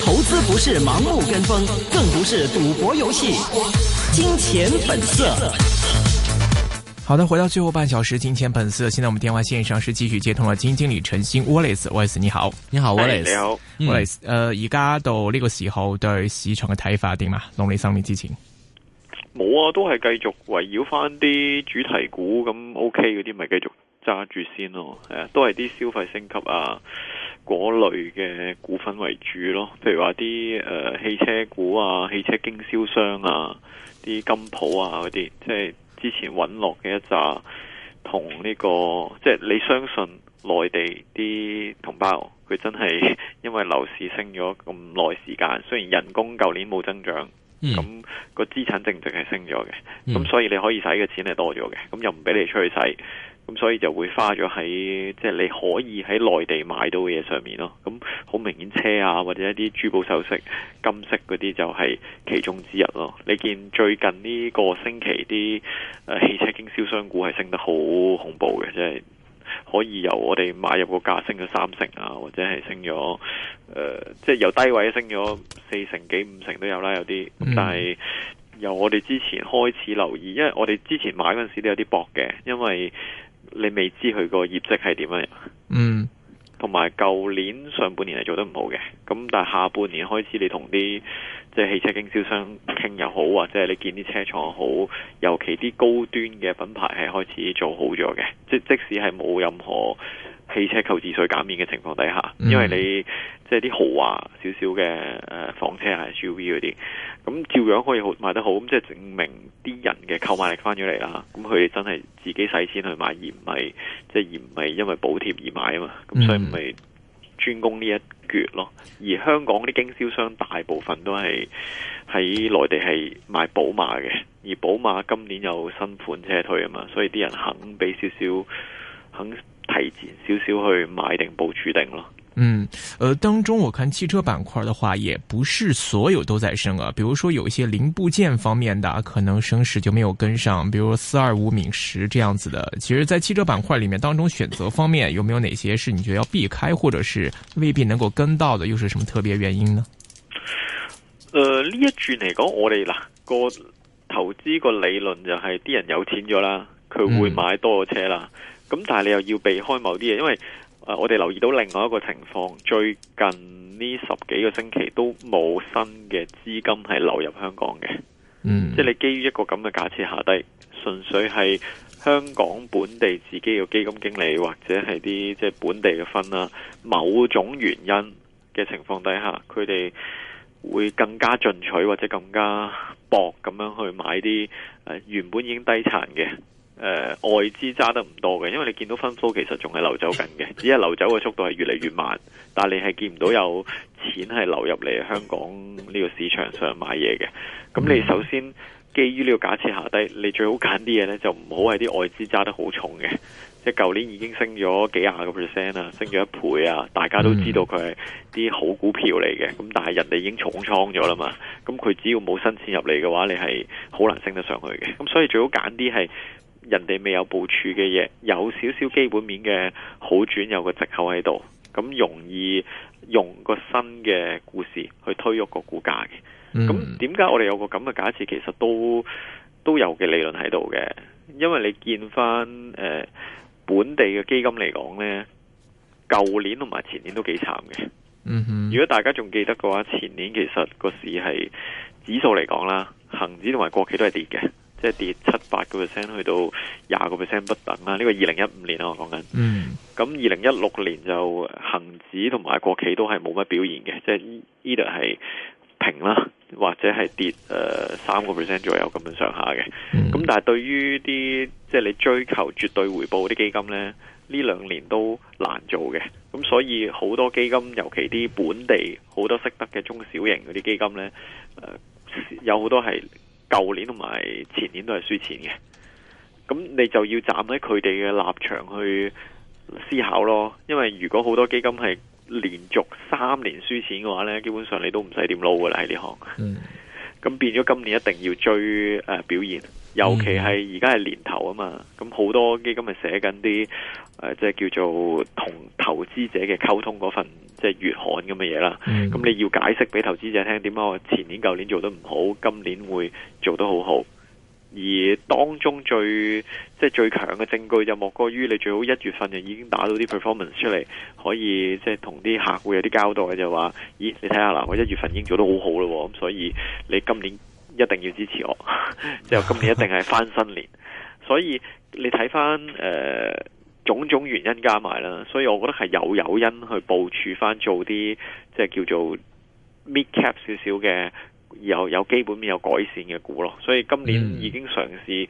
投資不是盲目跟風，更不是賭博遊戲。金錢本色、嗯。好的，回到最後半小時，金錢本色。現在我們電話線上是繼續接通了金經理陳昕。Wallace，Wallace 你好，你好 Wallace，你對好 Wallace。呃、嗯，而家到呢個時候對市場嘅睇法點啊？農曆新年之前，冇啊、嗯，都係繼續圍繞翻啲主題股，咁 OK 嗰啲咪繼續。揸住先咯，都係啲消費升級啊，嗰類嘅股份為主咯。譬如話啲、呃、汽車股啊，汽車經銷商啊，啲金舖啊嗰啲，即係之前揾落嘅一扎。同呢、呢個即係你相信內地啲同胞，佢真係因為樓市升咗咁耐時間，雖然人工舊年冇增長，咁個資產淨值係升咗嘅，咁所以你可以使嘅錢係多咗嘅，咁又唔俾你出去使。咁所以就會花咗喺即係你可以喺內地買到嘅嘢上面咯。咁好明顯，車啊或者一啲珠寶首飾、金色嗰啲就係其中之一咯、啊。你見最近呢個星期啲、啊、汽車經銷商股係升得好恐怖嘅，即、就、係、是、可以由我哋買入個價升咗三成啊，或者係升咗即係由低位升咗四成幾五成都有啦，有啲。嗯、但係由我哋之前開始留意，因為我哋之前買嗰陣時都有啲薄嘅，因為。你未知佢個業績係點樣？嗯，同埋舊年上半年係做得唔好嘅，咁但係下半年開始你，你同啲即係汽車經銷商傾又好，或者係你見啲車廠好，尤其啲高端嘅品牌係開始做好咗嘅，即即使係冇任何汽車購置稅減免嘅情況底下，因為你、嗯、即係啲豪華少少嘅誒房車係 SUV 嗰啲，咁照樣可以好賣得好，咁即係證明。嘅購買力翻咗嚟啦，咁佢哋真係自己使錢去買，而唔係即係而唔係因為補貼而買啊嘛，咁所以咪專攻呢一橛咯。而香港啲經銷商大部分都係喺內地係賣寶馬嘅，而寶馬今年有新款車推啊嘛，所以啲人肯俾少少，肯提前少少去買定保儲定咯。嗯，呃，當中我看汽車板塊的話，也不是所有都在升啊。比如說，有一些零部件方面的，可能升勢就沒有跟上。比如四二五、敏實這樣子的。其實，在汽車板塊裏面當中，選擇方面有沒有哪些是你覺得要避開，或者是未必能夠跟到的？又是什麼特別原因呢？呃，呢一轉嚟講，我哋嗱個投資個理論就係、是，啲人有錢咗啦，佢會買多個車啦。咁、嗯、但係你又要避開某啲嘢，因為啊！我哋留意到另外一個情況，最近呢十幾個星期都冇新嘅資金係流入香港嘅。嗯、即係你基於一個咁嘅假設下，低純粹係香港本地自己嘅基金經理，或者係啲即係本地嘅分啦，某種原因嘅情況底下，佢哋會更加進取或者更加搏咁樣去買啲誒、呃、原本已經低殘嘅。誒、呃，外資揸得唔多嘅，因為你見到 fund flow 其實仲係流走緊嘅，只係流走嘅速度係越嚟越慢。但係你係見唔到有錢係流入嚟香港呢個市場上買嘢嘅。咁你首先基於呢個假設下低，你最好揀啲嘢呢，就唔好係啲外資揸得好重嘅，即係舊年已經升咗幾廿個 percent 啦，升咗一倍啊。大家都知道佢係啲好股票嚟嘅，咁但係人哋已經重倉咗啦嘛。咁佢只要冇新錢入嚟嘅話，你係好難升得上去嘅。咁所以最好揀啲係。人哋未有部署嘅嘢，有少少基本面嘅好轉有，有個借口喺度，咁容易用個新嘅故事去推喐個股價嘅。咁點解我哋有個咁嘅假設，其實都都有嘅理論喺度嘅，因為你見翻誒、呃、本地嘅基金嚟講咧，舊年同埋前年都幾慘嘅。嗯、mm hmm. 如果大家仲記得嘅話，前年其實個市係指數嚟講啦，恒指同埋國企都係跌嘅。即係跌七八個 percent 去到廿個 percent 不等啦、啊，呢、這個二零一五年啊，我講緊。嗯。咁二零一六年就恒指同埋國企都係冇乜表現嘅，即係呢度係平啦，或者係跌誒三個 percent 左右，咁樣上下嘅。咁、mm. 但係對於啲即係你追求絕對回報啲基金呢，呢兩年都難做嘅。咁所以好多基金，尤其啲本地好多識得嘅中小型嗰啲基金呢，誒有好多係。舊年同埋前年都係輸錢嘅，咁你就要站喺佢哋嘅立場去思考咯。因為如果好多基金係連續三年輸錢嘅話呢，基本上你都唔使點撈噶啦喺呢行。嗯咁變咗今年一定要追誒、呃、表現，尤其係而家係年頭啊嘛，咁好多基金咪寫緊啲誒，即係叫做同投資者嘅溝通嗰份即係月刊咁嘅嘢啦。咁、嗯、你要解釋俾投資者聽，點解我前年、舊年做得唔好，今年會做得好好？而當中最即係最強嘅證據就莫過於你最好一月份就已經打到啲 performance 出嚟，可以即係同啲客戶有啲交代。就話：咦，你睇下嗱，我一月份已經做得好好咯，咁所以你今年一定要支持我，之 後今年一定係翻新年。所以你睇翻誒種種原因加埋啦，所以我覺得係有誘因去部署翻做啲即係叫做 mid-cap 少少嘅。有有基本面有改善嘅股咯，所以今年已經嘗試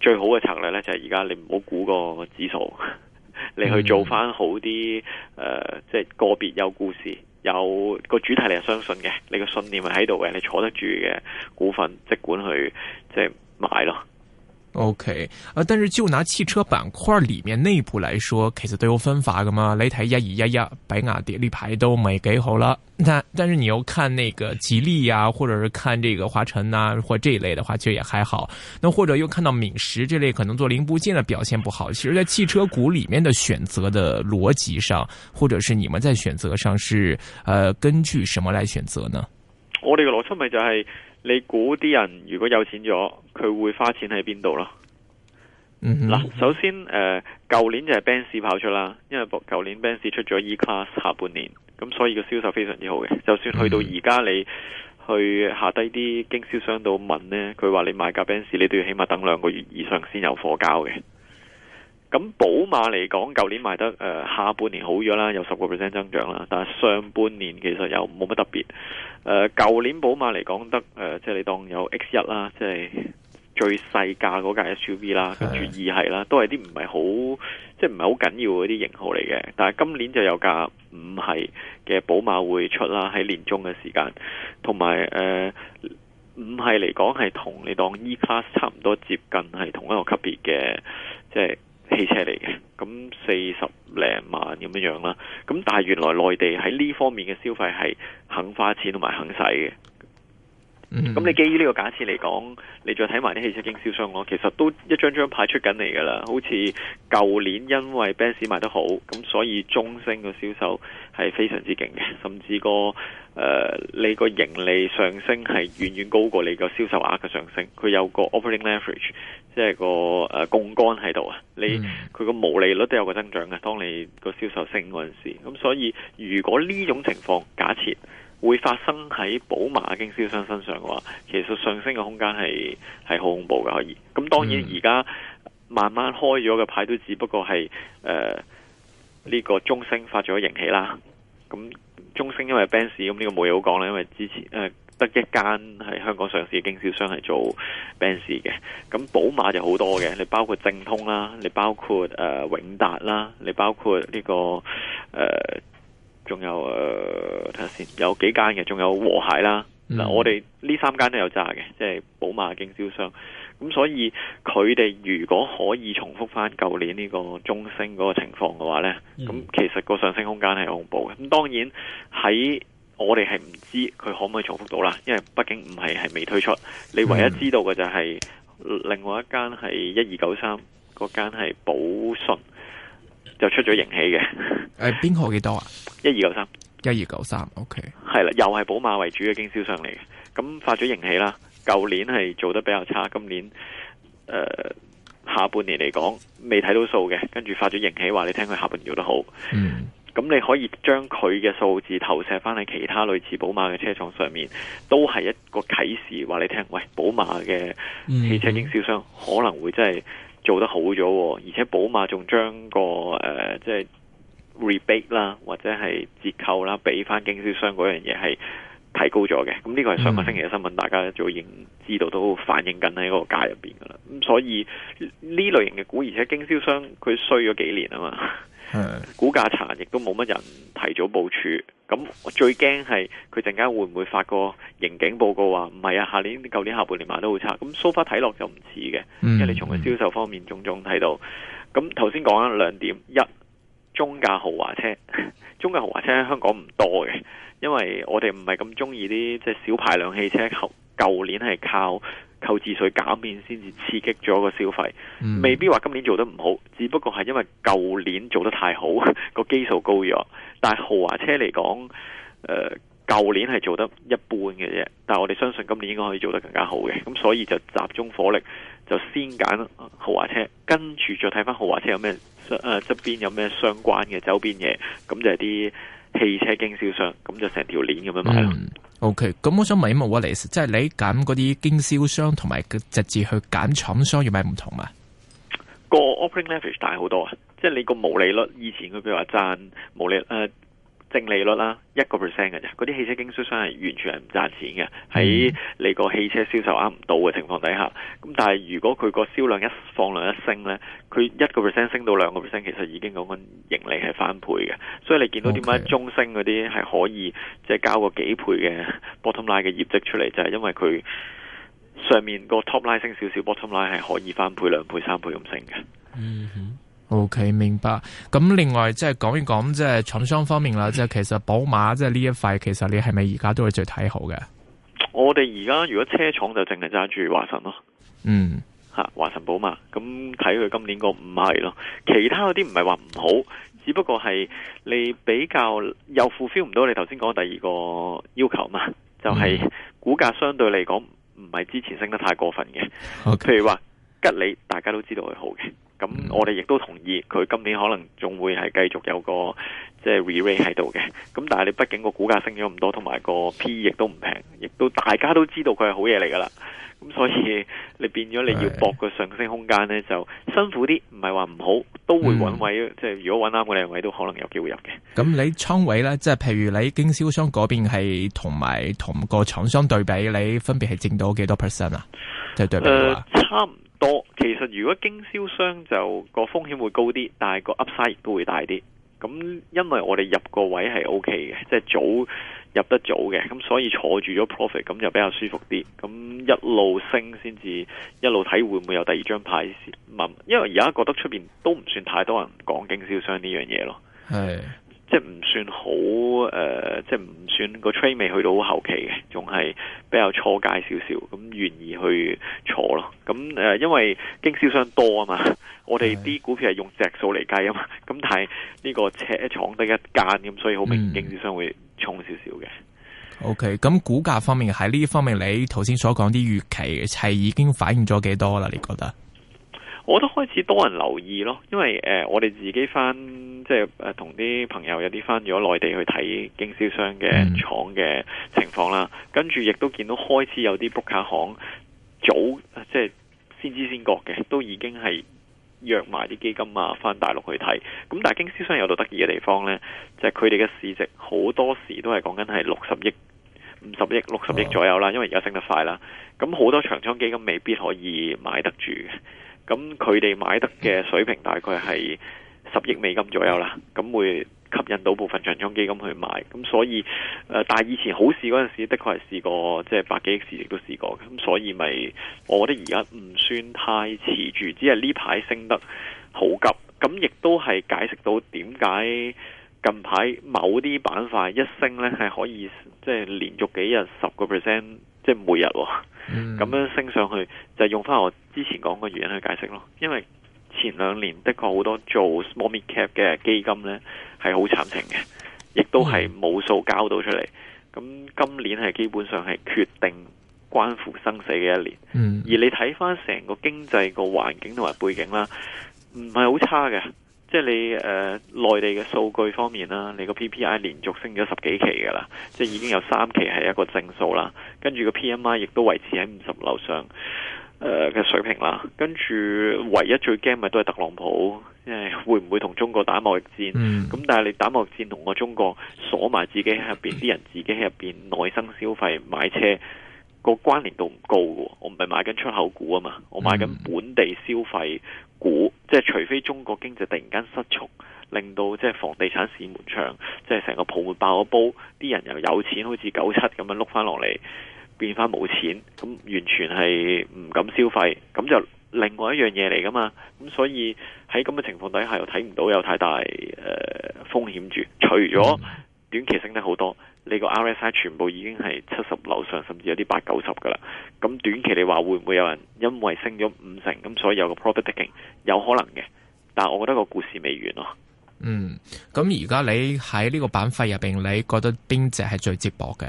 最好嘅策略咧，就係而家你唔好估個指數，你去做翻好啲誒，即、呃、係、就是、個別有故事、有個主題你係相信嘅，你個信念係喺度嘅，你坐得住嘅股份，即管去即係買咯。OK，啊，但是就拿汽車板塊裏面內部來說，其實都有分化㗎嘛。雷台呀、一呀呀、比亞迪、力牌都沒給好了。但，但是你又看那個吉利呀、啊，或者是看這個華晨呐、啊，或這一類的話，其實也還好。那或者又看到敏實這類，可能做零部件的表現不好。其實，在汽車股裏面的選擇的邏輯上，或者是你們在選擇上是呃，根據什麼來選擇呢？我哋嘅邏輯咪就係你估啲人如果有錢咗。佢會花錢喺邊度咯？嗱、mm，hmm。首先誒，舊、呃、年就係奔馳跑出啦，因為舊年奔馳出咗 E Class 下半年，咁所以個銷售非常之好嘅。就算去到而家你去下低啲經銷商度問呢，佢話你買架奔馳，你都要起碼等兩個月以上先有貨交嘅。咁寶馬嚟講，舊年賣得誒、呃、下半年好咗啦，有十個 percent 增長啦，但係上半年其實又冇乜特別。誒、呃，舊年寶馬嚟講得誒，即係你當有 X 1啦，即係。最細價嗰架 SUV 啦，跟住二系啦，都係啲唔係好，即係唔係好緊要嗰啲型號嚟嘅。但係今年就有架五系嘅寶馬會出啦，喺年中嘅時間，同埋誒五系嚟講係同你當 E Class 差唔多接近係同一個級別嘅，即係汽車嚟嘅。咁四十零萬咁樣樣啦，咁但係原來內地喺呢方面嘅消費係肯花錢同埋肯使嘅。咁、mm hmm。你基於呢個假設嚟講，你再睇埋啲汽車經銷商，我其實都一張張派出緊嚟噶啦。好似舊年因為奔馳賣得好，咁所以中升個銷售係非常之勁嘅，甚至個誒、呃、你個盈利上升係遠遠高過你個銷售額嘅上升。佢有個 operating leverage，即係個誒、呃、槓桿喺度啊。你佢個毛利率都有個增長嘅，當你個銷售升嗰陣時。咁所以如果呢種情況假設，會發生喺寶馬經銷商身上嘅話，其實上升嘅空間係係好恐怖㗎。可以。咁當然而家慢慢開咗嘅牌，都只不過係誒呢個中升發咗盈喜啦。咁、嗯、中升因為 Benz 咁呢個冇嘢好講啦，因為之前誒得一間喺香港上市嘅經銷商係做 Benz 嘅，咁、嗯、寶馬就好多嘅，你包括正通啦，你包括誒、呃、永達啦，你包括呢、這個誒。呃仲有誒，睇下先，有幾間嘅，仲有和諧啦。嗱，我哋呢三間都有揸嘅，即係寶馬經銷商。咁所以佢哋如果可以重複翻舊年呢個中升嗰個情況嘅話呢，咁其實個上升空間係好恐怖嘅。咁當然喺我哋係唔知佢可唔可以重複到啦，因為畢竟唔係係未推出。你唯一知道嘅就係另外一間係一二九三，嗰間係寶信。就出咗盈喜嘅，誒，邊個幾多啊？一二九三，一二九三，OK，係啦，又係寶馬為主嘅經銷商嚟嘅，咁發咗盈喜啦。舊年係做得比較差，今年誒、呃、下半年嚟講，未睇到數嘅，跟住發咗盈喜話你聽佢下半年做得好。嗯，咁你可以將佢嘅數字投射翻喺其他類似寶馬嘅車廠上面，都係一個啟示，話你聽，喂，寶馬嘅汽車經銷商可能會真係。做得好咗，而且寶馬仲將個即係、呃就是、rebate 啦，或者係折扣啦，俾翻經銷商嗰樣嘢係提高咗嘅。咁呢個係上個星期嘅新聞，大家就已經知道都反映緊喺個價入面噶啦。咁所以呢類型嘅股，而且經銷商佢衰咗幾年啊嘛。嗯嗯，股價殘，亦都冇乜人提早部署，咁我最驚係佢陣間會唔會發個刑警報告話唔係啊？下年、舊年下半年賣都好差，咁 so far 睇落就唔似嘅，因為你從佢銷售方面種種睇到，咁頭先講緊兩點，一，中價豪華車，中價豪華車香港唔多嘅，因為我哋唔係咁中意啲即係小排量汽車，舊舊年係靠。購置稅減免先至刺激咗個消費，未必話今年做得唔好，只不過係因為舊年做得太好，個基數高咗。但係豪華車嚟講，誒、呃，舊年係做得一般嘅啫。但係我哋相信今年應該可以做得更加好嘅，咁所以就集中火力，就先揀豪華車，跟住再睇翻豪華車有咩，誒、呃，側邊有咩相關嘅周邊嘢，咁就係啲。汽車經銷商咁就成條鏈咁樣買咯。O K，咁我想問一問，Wallace，即係你揀嗰啲經銷商同埋直接去揀廠商，有咩唔同啊？個 operating leverage 大好多啊！即係你個毛利率，以前佢譬如話賺毛利誒。呃淨利率啦、啊，一個 percent 嘅啫，嗰啲汽車經銷商係完全係唔賺錢嘅，喺你個汽車銷售額唔到嘅情況底下，咁但係如果佢個銷量一放量一升呢，佢一個 percent 升到兩個 percent，其實已經講緊盈利係翻倍嘅，所以你見到點解中升嗰啲係可以即係交個幾倍嘅 bottom line 嘅業績出嚟，就係、是、因為佢上面個 top line 升少少，bottom line 係可以翻倍兩倍三倍咁升嘅。嗯哼。OK，明白。咁另外即係講一講即係廠商方面啦，即係其實寶馬即係呢一塊，其實你係咪而家都係最睇好嘅？我哋而家如果車廠就淨係揸住華晨咯。嗯，吓華晨寶馬，咁睇佢今年個唔係咯。其他嗰啲唔係話唔好，只不過係你比較又 fulfill 唔到你頭先講第二個要求嘛，就係、是、股價相對嚟講唔係之前升得太過分嘅。OK，譬如話吉利，大家都知道佢好嘅。咁、嗯、我哋亦都同意，佢今年可能仲會係繼續有個即係 re-rate 喺度嘅。咁但係你畢竟個股價升咗咁多，同埋個 P/E 亦都唔平，亦都大家都知道佢係好嘢嚟噶啦。咁所以你變咗你要搏個上升空間咧，就辛苦啲，唔係話唔好，都會揾位。嗯、即係如果揾啱我哋嘅位，都可能有機會入嘅。咁你倉位咧，即係譬如你經銷商嗰邊係同埋同個廠商對比，你分別係賺到幾多 percent 啊？即、就、係、是、對比啦、呃。差唔。多，其實如果經銷商就個風險會高啲，但係個 Upside 亦都會大啲。咁因為我哋入個位係 OK 嘅，即係早入得早嘅，咁所以坐住咗 profit，咁就比較舒服啲。咁一路升先至一路睇會唔會有第二張牌先問，因為而家覺得出邊都唔算太多人講經銷商呢樣嘢咯。係。即係唔算好誒、呃，即係唔算個 trend 未去到好後期嘅，仲係比較初階少少，咁願意去坐咯。咁誒、呃，因為經銷商多啊嘛，我哋啲股票係用隻數嚟計啊嘛，咁但係呢個車廠得一間咁，所以好明顯經銷商會重少少嘅。OK，咁股價方面喺呢方面你頭先所講啲預期係已經反映咗幾多啦？你覺得？我都開始多人留意咯，因為、呃、我哋自己翻即係誒、呃、同啲朋友有啲翻咗內地去睇經銷商嘅廠嘅情況啦，嗯、跟住亦都見到開始有啲 broker 行早即係先知先覺嘅，都已經係約埋啲基金啊，翻大陸去睇。咁但係經銷商有度得意嘅地方呢，就係佢哋嘅市值好多時都係講緊係六十億、五十億、六十億左右啦，哦、因為而家升得快啦，咁好多長倉基金未必可以買得住。咁佢哋買得嘅水平大概係十億美金左右啦，咁會吸引到部分長莊基金去買。咁所以，誒、呃，但係以前好市嗰陣時，的確係試過即係、就是、百幾億市值都試過。咁所以咪，我覺得而家唔算太遲住，只係呢排升得好急。咁亦都係解釋到點解近排某啲板塊一升呢，係可以即係、就是、連續幾日十個 percent，即係每日喎、哦。咁、嗯、樣升上去就用翻我之前講個原因去解釋咯，因為前兩年的確好多做 small mid cap 嘅基金呢，係好慘情嘅，亦都係冇數交到出嚟。咁、嗯、今年係基本上係決定關乎生死嘅一年，嗯、而你睇翻成個經濟個環境同埋背景啦，唔係好差嘅。即係你誒內、呃、地嘅數據方面啦，你個 PPI 連續升咗十幾期嘅啦，即係已經有三期係一個正數啦。跟住個 PMI 亦都維持喺五十樓上誒嘅、呃、水平啦。跟住唯一最驚咪都係特朗普，因為會唔會同中國打貿易戰？咁、嗯、但係你打貿易戰同我中國鎖埋自己喺入面啲、嗯、人，自己喺入面內生消費買車個關聯度唔高嘅喎。我唔係買緊出口股啊嘛，我買緊本地消費。嗯嗯股即係除非中國經濟突然間失速，令到即係房地產市門場即係成個泡沫爆咗煲，啲人又有錢好似九七咁樣碌翻落嚟，變翻冇錢，咁完全係唔敢消費，咁就另外一樣嘢嚟㗎嘛。咁所以喺咁嘅情況底下，又睇唔到有太大誒風險住，除咗。短期升得好多，你個 RSI 全部已經係七十樓上，甚至有啲八九十㗎喇。咁短期你話會唔會有人因為升咗五成，咁所以有個 profit taking 有可能嘅？但係我覺得個故事未完咯。嗯，咁而家你喺呢個板塊入面，你覺得邊隻係最接駁嘅？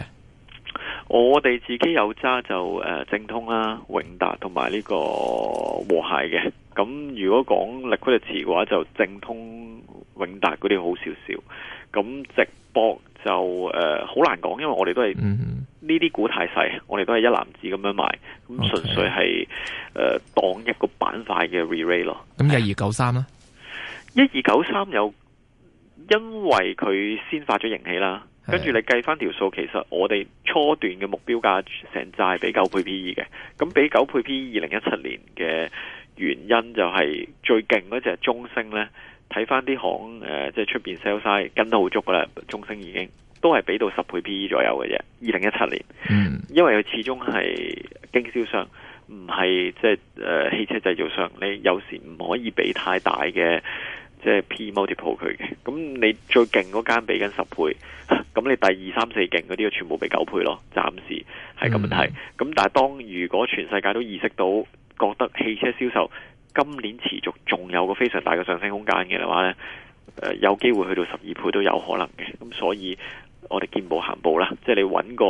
我哋自己有揸就正通啦、啊、永達同埋呢個和諧嘅。咁如果講力 i 力持嘅話，就正通。永達嗰啲好少少，咁直播就誒好、呃、難講，因為我哋都係呢啲股太細，我哋都係一籃子咁樣賣，咁純粹係誒當一個板塊嘅 rerate 咯。咁一二九三咧，一二九三有因為佢先發咗盈喜啦，跟住你計翻條數，的其實我哋初段嘅目標價成隻俾九倍 P E 嘅，咁俾九倍 PE 二零一七年嘅原因就係、是、最勁嗰隻係中升咧。睇翻啲行、呃、即係出面 sell size 跟得好足㗎啦，中升已經都係俾到十倍 PE 左右嘅啫。二零一七年，嗯、因為佢始終係經銷商，唔係即係誒、呃、汽車製造商，你有時唔可以俾太大嘅即係 P multiple 佢嘅。咁你最勁嗰間俾緊十倍，咁你第二三四勁嗰啲，就全部俾九倍咯。暫時係咁樣睇。咁、嗯、但係當如果全世界都意識到覺得汽車銷售，今年持續仲有個非常大嘅上升空間嘅話咧，誒，有機會去到十二倍都有可能嘅。咁所以我哋見步行步啦，即係你揾個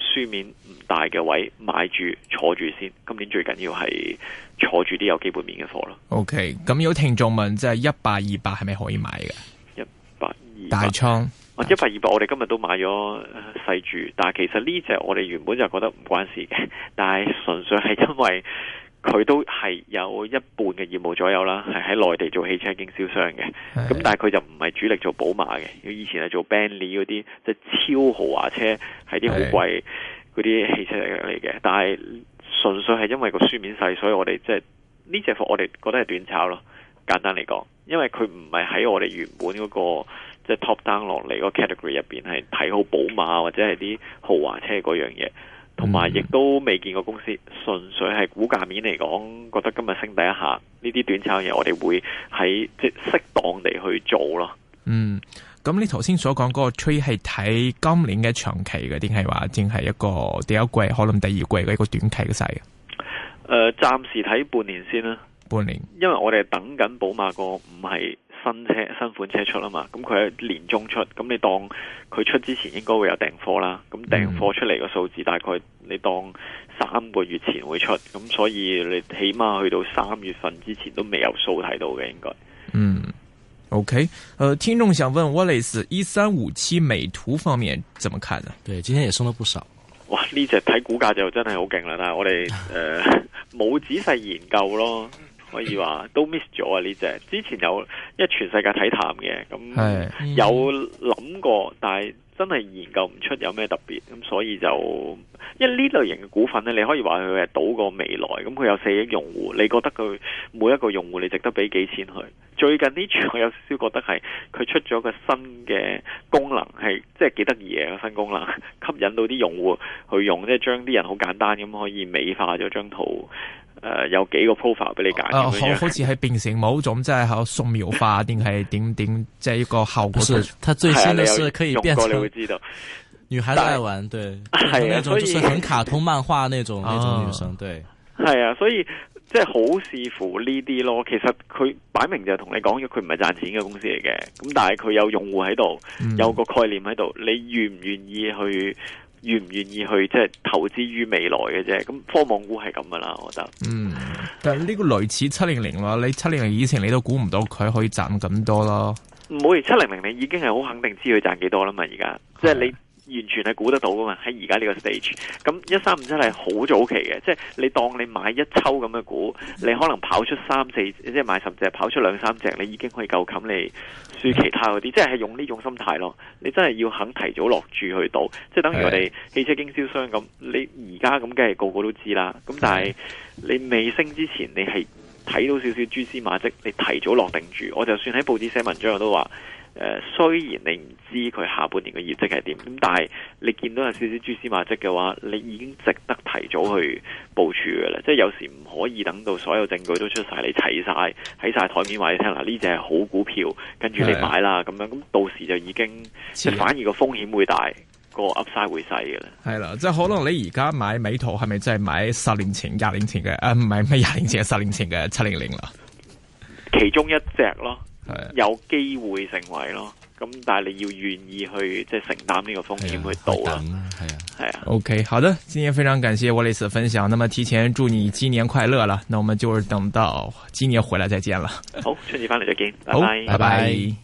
書面唔大嘅位買住坐住先。今年最緊要係坐住啲有基本面嘅貨咯。OK，咁有聽眾問，即係一百二百係咪可以買嘅？一百二大倉倉，一百二百我哋今日都買咗細住，但係其實呢隻我哋原本就覺得唔關事嘅，但係純粹係因為。佢都係有一半嘅業務左右啦，係喺內地做汽車經銷商嘅。咁是的 但係佢就唔係主力做寶馬嘅，佢以前係做 Bentley 嗰啲即係超豪華車，係啲好貴嗰啲汽車嚟嘅。是的 但係純粹係因為個書面細，所以我哋即係呢隻貨我哋覺得係短炒咯。簡單嚟講，因為佢唔係喺我哋原本嗰、嗰個即係、即係、top down 落嚟嗰 category 入面，係睇好寶馬或者係啲豪華車嗰樣嘢。同埋亦都未見過公司，純粹係股價面嚟講，覺得今日升第一下，呢啲短炒嘢我哋會喺即係適當地去做咯。嗯，咁你頭先所講嗰個 trade 係睇今年嘅長期嘅，定係話淨係一個第一季，可能第二季嘅一個短期嘅勢？誒、呃，暫時睇半年先啦。半年，因為我哋等緊寶馬個唔係新車新款車出啊嘛，咁佢喺年中出，咁你當佢出之前應該會有訂貨啦，咁訂貨出嚟個數字大概你當三個月前會出，咁、嗯、所以你起碼去到三月份之前都未有數睇到嘅應該。嗯，OK，誒、呃，聽眾想問 Wallace，1357 美圖方面怎麼看呢？對，今天也升了不少。哇，呢隻睇股價就真係好勁啦，但係我哋誒冇仔細研究咯。可以話都 miss 咗啊呢隻，之前有，因為全世界睇淡嘅，咁係，有諗過，但係真係研究唔出有咩特別，咁所以就，因為呢類型嘅股份咧，你可以話佢係賭過未來，咁佢有四億用戶，你覺得佢每一個用戶你值得俾幾錢去？最近呢場我有少少覺得係佢出咗個新嘅功能，係即係幾得意嘅新功能，吸引到啲用戶去用，即係將啲人好簡單咁可以美化咗張圖。誒、呃，有幾個 profile 俾你揀？誒、呃，好好似係變成某種，即係好素描化定係點點，即係一個效果。佢是，佢最先的是可以變成。女仔愛玩，但對，係啊，就是很卡通漫畫那種以那種女生，對，係啊，啊，所以即係好視乎呢啲咯。其實佢擺明就同你講，佢唔係賺錢嘅公司嚟嘅。咁但係佢有用戶喺度，嗯、有個概念喺度，你願唔願意去？願唔願意去即係投資於未來嘅啫，咁科網股係咁噶啦，我覺得。嗯，但係呢個類似七零零啦，你七零零以前你都估唔到佢可以賺咁多咯。唔會，七零零你已經係好肯定知佢賺幾多啦嘛，而家、嗯、即係你。完全係估得到噶嘛？喺而家呢個 stage，咁一三五真係好早期嘅，即係你當你買一抽咁嘅股，你可能跑出三四，即係買十隻跑出兩三隻，你已經可以夠冚你輸其他嗰啲，即係用呢種心態咯。你真係要肯提早落注去到，即係等於我哋汽車經銷商咁。你而家咁梗係個個都知啦。咁但係你未升之前，你係睇到少少蛛絲馬跡，你提早落定注。我就算喺報紙寫文章我都話。誒、呃，雖然你唔知佢下半年嘅業績係點，咁但係你見到有少少蛛絲馬跡嘅話，你已經值得提早去部署嘅啦。嗯、即係有時唔可以等到所有證據都出晒，你睇晒喺晒台面話你聽嗱，呢隻係好股票，跟住你買啦咁的樣。咁到時就已經的即反而個風險會大，個 upside 會細嘅啦。係啦，即係可能你而家買美圖係咪真係買十年前、廿年前嘅？誒、啊，唔係咩廿年前、十年前嘅七零零啦，其中一隻咯。有機會成為咯，咁但係你要願意去即係承擔呢個風險去賭啦，係啊，係啊。啊啊、o、okay, K，好的，今天非常感謝 Wallace 分享，那麼提前祝你新年快樂啦，那我們就是等到今年回來再見啦。好，春節翻嚟再見，拜拜拜拜。Bye bye bye bye